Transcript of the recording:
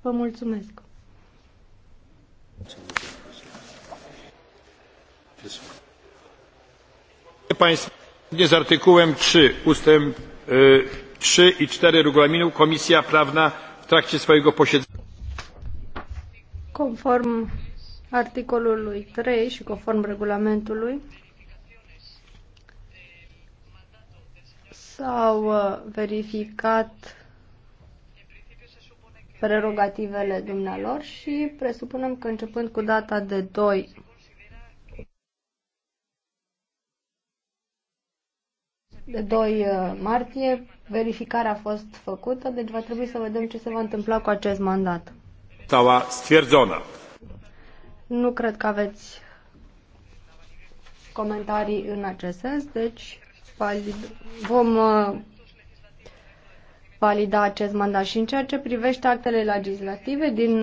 Vă mulțumesc! Zgodnie z artykułem 3 ustęp 3 i 4 regulaminu Komisja Prawna w trakcie swojego posiedzenia Conform articolului 3 și conform regulamentului s-au uh, verificat prerogativele dumnealor și presupunem că începând cu data de 2 de 2 uh, martie, verificarea a fost făcută, deci va trebui să vedem ce se va întâmpla cu acest mandat. Stała stwierdzona. Nu cred că aveți comentarii în acest sens, deci valid. vom uh, valida acest mandat. Și în ceea ce privește actele legislative din